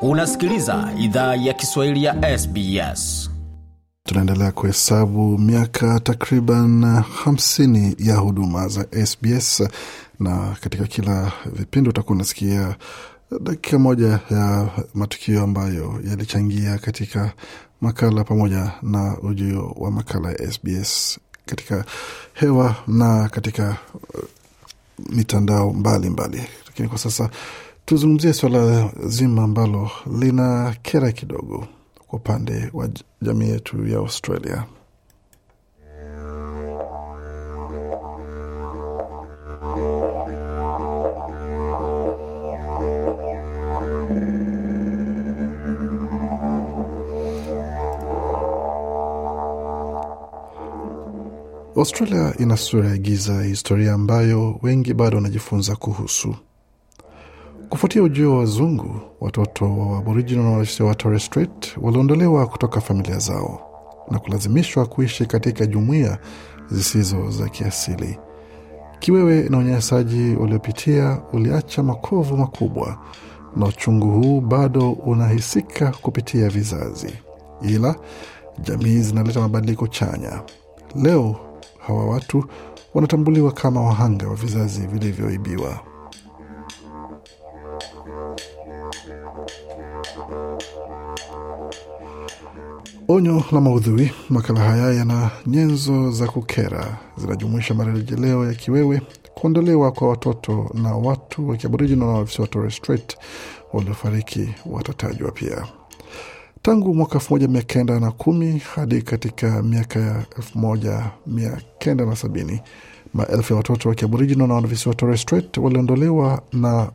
unasikiliza idhaa ya kiswahili ya sbs tunaendelea kuhesabu miaka takriban 50 ya huduma za sbs na katika kila vipindi utakuwa unasikia dakika moja ya matukio ambayo yalichangia katika makala pamoja na ujio wa makala ya SBS katika hewa na katika uh, mitandao mbalimbali mbali. Lakini kwa sasa Tuzungumzie swala zima ambalo lina kera kidogo kwa upande wa jamii yetu ya Australia. Australia ina sura ya giza ya historia ambayo wengi bado wanajifunza kuhusu. Kufuatia ujio wa wazungu, watoto wa Aboriginal wa Torres Strait waliondolewa kutoka familia zao na kulazimishwa kuishi katika jumuiya zisizo za kiasili. Kiwewe na unyanyasaji waliopitia uliacha makovu makubwa, na uchungu huu bado unahisika kupitia vizazi, ila jamii zinaleta mabadiliko chanya. Leo hawa watu wanatambuliwa kama wahanga wa vizazi vilivyoibiwa. Onyo la maudhui. Makala haya yana nyenzo za kukera, zinajumuisha marejeleo ya kiwewe, kuondolewa kwa watoto na watu wa kiaborijini wanaovisiwa Torres Strait waliofariki watatajwa pia. Tangu mwaka elfu moja mia kenda na kumi hadi katika miaka ya elfu moja mia kenda na sabini maelfu ya watoto wa kiaborijini wanaovisiwa Torres Strait waliondolewa na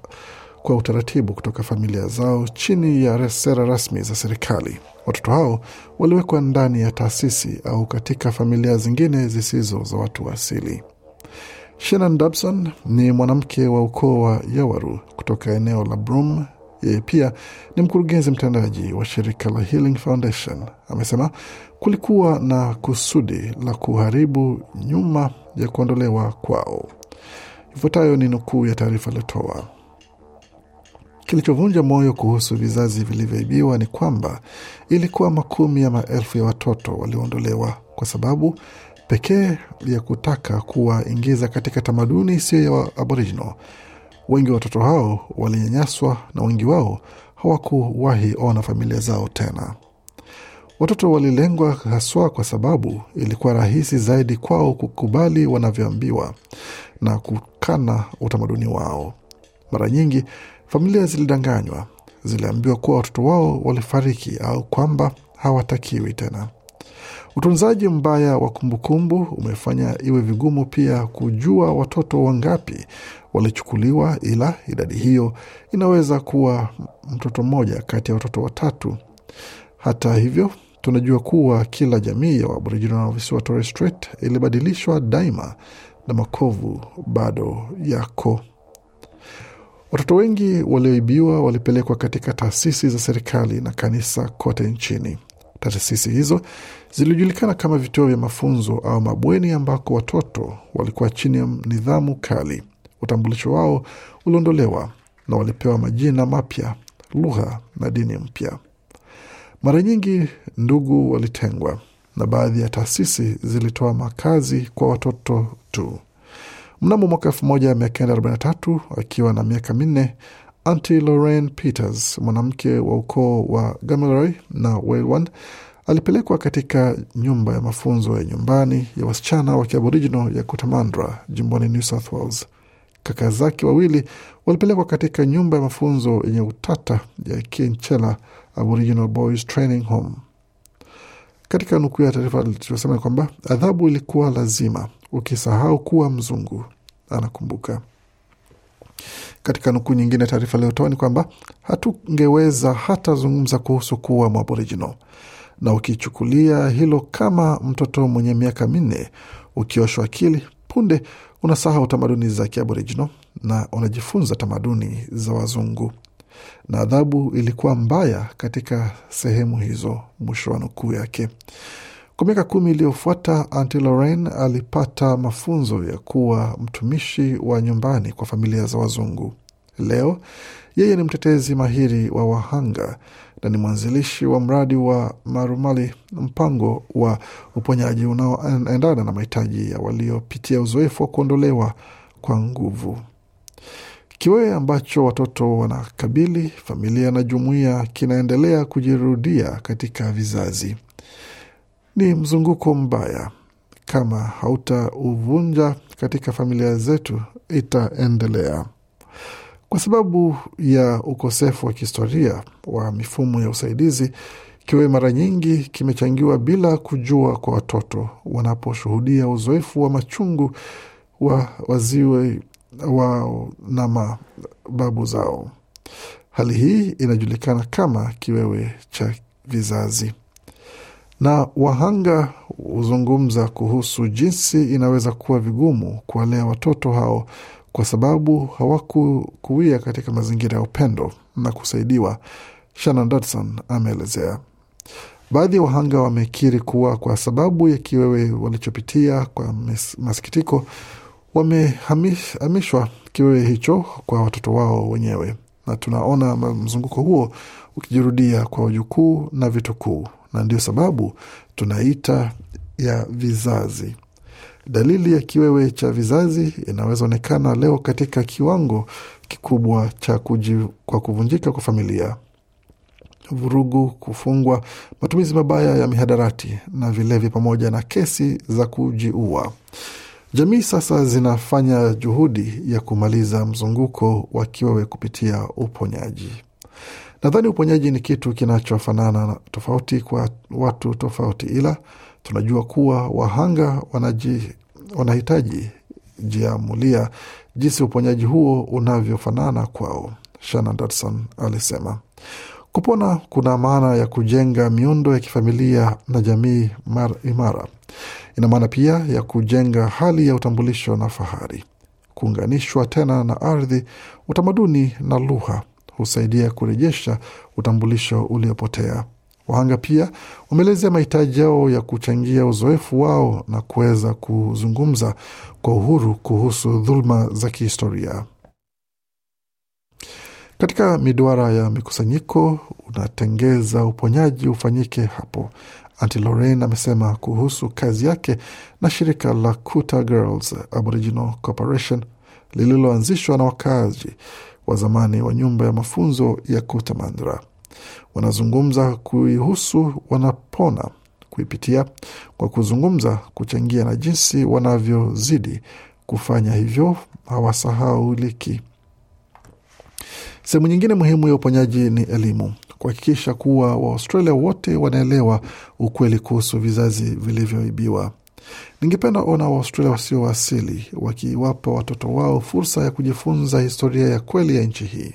kwa utaratibu kutoka familia zao chini ya sera rasmi za serikali. Watoto hao waliwekwa ndani ya taasisi au katika familia zingine zisizo za watu wa asili. Shannon Dobson ni mwanamke wa ukoo wa Yawaru kutoka eneo la Brum. Yeye pia ni mkurugenzi mtendaji wa shirika la Healing Foundation. Amesema kulikuwa na kusudi la kuharibu nyuma ya kuondolewa kwao. Ifuatayo ni nukuu ya taarifa aliyotoa. Kilichovunja moyo kuhusu vizazi vilivyoibiwa ni kwamba ilikuwa makumi ya maelfu ya watoto walioondolewa kwa sababu pekee ya kutaka kuwaingiza katika tamaduni isiyo ya Aboriginal. Wengi wa watoto hao walinyanyaswa na wengi wao hawakuwahi ona familia zao tena. Watoto walilengwa haswa kwa sababu ilikuwa rahisi zaidi kwao kukubali wanavyoambiwa na kukana utamaduni wao. Mara nyingi familia zilidanganywa, ziliambiwa kuwa watoto wao walifariki au kwamba hawatakiwi tena. Utunzaji mbaya wa kumbukumbu umefanya iwe vigumu pia kujua watoto wangapi walichukuliwa, ila idadi hiyo inaweza kuwa mtoto mmoja kati ya watoto watatu. Hata hivyo, tunajua kuwa kila jamii ya Waborijini wa visiwa Torres Strait ilibadilishwa daima na makovu bado yako. Watoto wengi walioibiwa walipelekwa katika taasisi za serikali na kanisa kote nchini. Taasisi hizo zilijulikana kama vituo vya mafunzo au mabweni, ambako watoto walikuwa chini ya nidhamu kali. Utambulisho wao uliondolewa na walipewa majina mapya, lugha na dini mpya. Mara nyingi ndugu walitengwa, na baadhi ya taasisi zilitoa makazi kwa watoto tu. Mnamo mwaka tatu akiwa na miaka minne, Anti Lorraine Peters, mwanamke wa ukoo wa Gamilroy na Welwand, alipelekwa katika nyumba ya mafunzo ya nyumbani ya wasichana wa kiaborijino ya Kutamandra jimboni New South Wales. Kaka zake wawili walipelekwa katika nyumba ya mafunzo yenye utata ya Kinchela Aboriginal Boys Training Home. Katika nukuu ya taarifa tuliosema kwamba adhabu ilikuwa lazima, ukisahau kuwa mzungu anakumbuka. Katika nukuu nyingine taarifa aliyotoa ni kwamba hatungeweza hata zungumza kuhusu kuwa Mwaboriginal, na ukichukulia hilo kama mtoto mwenye miaka minne ukioshwa akili, punde unasahau tamaduni za Kiaboriginal na unajifunza tamaduni za wazungu, na adhabu ilikuwa mbaya katika sehemu hizo, mwisho wa nukuu yake. Kwa miaka kumi iliyofuata, Anti Lorraine alipata mafunzo ya kuwa mtumishi wa nyumbani kwa familia za wazungu. Leo yeye ni mtetezi mahiri wa wahanga na ni mwanzilishi wa mradi wa Marumali, mpango wa uponyaji unaoendana na mahitaji ya waliopitia uzoefu wa kuondolewa kwa nguvu. Kiwewe ambacho watoto wanakabili, familia na jumuiya kinaendelea kujirudia katika vizazi. Ni mzunguko mbaya, kama hautauvunja katika familia zetu itaendelea. Kwa sababu ya ukosefu wa kihistoria wa mifumo ya usaidizi, kiwewe mara nyingi kimechangiwa bila kujua kwa watoto wanaposhuhudia uzoefu wa machungu wa waziwe wao na mababu zao. Hali hii inajulikana kama kiwewe cha vizazi na wahanga huzungumza kuhusu jinsi inaweza kuwa vigumu kuwalea watoto hao kwa sababu hawakukuwia katika mazingira ya upendo na kusaidiwa. Shannon Dodson ameelezea. Baadhi ya wahanga wamekiri kuwa kwa sababu ya kiwewe walichopitia, kwa masikitiko, wamehamishwa kiwewe hicho kwa watoto wao wenyewe, na tunaona mzunguko huo ukijirudia kwa wajukuu na vitukuu, na ndio sababu tunaita ya vizazi. Dalili ya kiwewe cha vizazi inaweza onekana leo katika kiwango kikubwa cha kuji, kwa kuvunjika kwa familia, vurugu, kufungwa, matumizi mabaya ya mihadarati na vilevi, pamoja na kesi za kujiua. Jamii sasa zinafanya juhudi ya kumaliza mzunguko wa kiwewe kupitia uponyaji. Nadhani uponyaji ni kitu kinachofanana tofauti kwa watu tofauti, ila tunajua kuwa wahanga wanaji, wanahitaji jiamulia jinsi uponyaji huo unavyofanana kwao, Shana Dodson alisema. Kupona kuna maana ya kujenga miundo ya kifamilia na jamii imara. Ina maana pia ya kujenga hali ya utambulisho na fahari, kuunganishwa tena na ardhi, utamaduni na lugha husaidia kurejesha utambulisho uliopotea. Wahanga pia wameelezea mahitaji yao ya kuchangia uzoefu wao na kuweza kuzungumza kwa uhuru kuhusu dhuluma za kihistoria. Katika miduara ya mikusanyiko unatengeza uponyaji ufanyike hapo. anti Lorraine amesema kuhusu kazi yake na shirika la Kuta Girls Aboriginal Corporation lililoanzishwa na wakazi wa zamani wa nyumba ya mafunzo ya Kutamandra. Wanazungumza kuihusu wanapona kuipitia kwa kuzungumza, kuchangia na jinsi wanavyozidi kufanya hivyo, hawasahauliki. Sehemu nyingine muhimu ya uponyaji ni elimu, kuhakikisha kuwa Waaustralia wote wanaelewa ukweli kuhusu vizazi vilivyoibiwa. Ningependa ona Waaustralia wasiowasili wakiwapa watoto wao fursa ya kujifunza historia ya kweli ya nchi hii,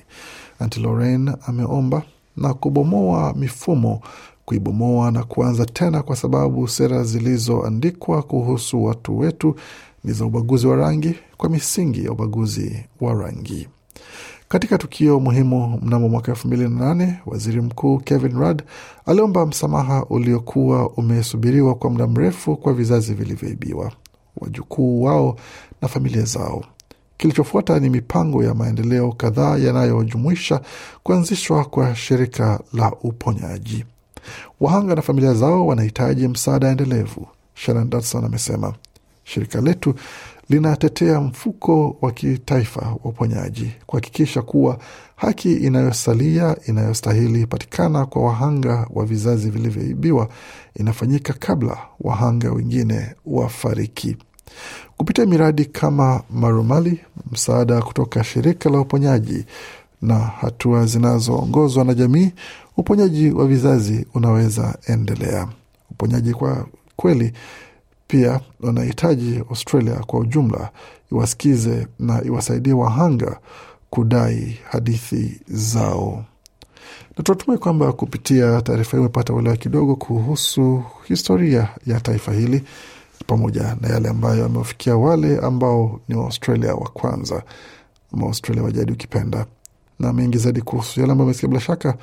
Anti Lorraine ameomba, na kubomoa mifumo kuibomoa na kuanza tena, kwa sababu sera zilizoandikwa kuhusu watu wetu ni za ubaguzi wa rangi kwa misingi ya ubaguzi wa rangi. Katika tukio muhimu mnamo mwaka elfu mbili na nane, waziri mkuu Kevin Rudd aliomba msamaha uliokuwa umesubiriwa kwa muda mrefu kwa vizazi vilivyoibiwa, wajukuu wao na familia zao. Kilichofuata ni mipango ya maendeleo kadhaa yanayojumuisha kuanzishwa kwa shirika la uponyaji. Wahanga na familia zao wanahitaji msaada endelevu, Sharon Dodson amesema. Shirika letu linatetea mfuko wa kitaifa wa uponyaji kuhakikisha kuwa haki inayosalia inayostahili patikana kwa wahanga wa vizazi vilivyoibiwa inafanyika kabla wahanga wengine wafariki. Kupitia miradi kama Marumali, msaada kutoka shirika la uponyaji na hatua zinazoongozwa na jamii, uponyaji wa vizazi unaweza endelea. Uponyaji kwa kweli pia wanahitaji Australia kwa ujumla iwasikize na iwasaidie wahanga kudai hadithi zao. Na tunatumai kwamba kupitia taarifa hii umepata uelewa kidogo kuhusu historia ya taifa hili pamoja na yale ambayo amewafikia wale ambao ni Waaustralia wa kwanza ama Australia wa jadi ukipenda, na mengi zaidi kuhusu yale ambayo amesikia, bila shaka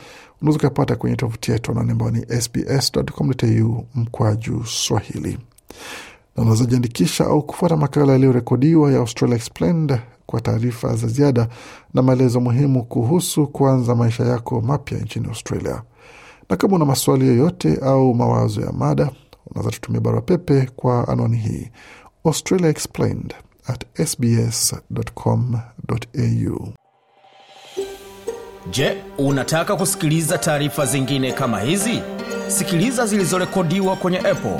unaweza ukapata kwenye tovuti yetu anaoni ambao ni sbs.com.au mkwaju Swahili na unazojiandikisha au kufuata makala yaliyorekodiwa ya Australia Explained kwa taarifa za ziada na maelezo muhimu kuhusu kuanza maisha yako mapya nchini Australia. Na kama una maswali yoyote au mawazo ya mada, unaweza tutumia barua pepe kwa anwani hii Australia Explained at sbs.com.au. Je, unataka kusikiliza taarifa zingine kama hizi? Sikiliza zilizorekodiwa kwenye Apple,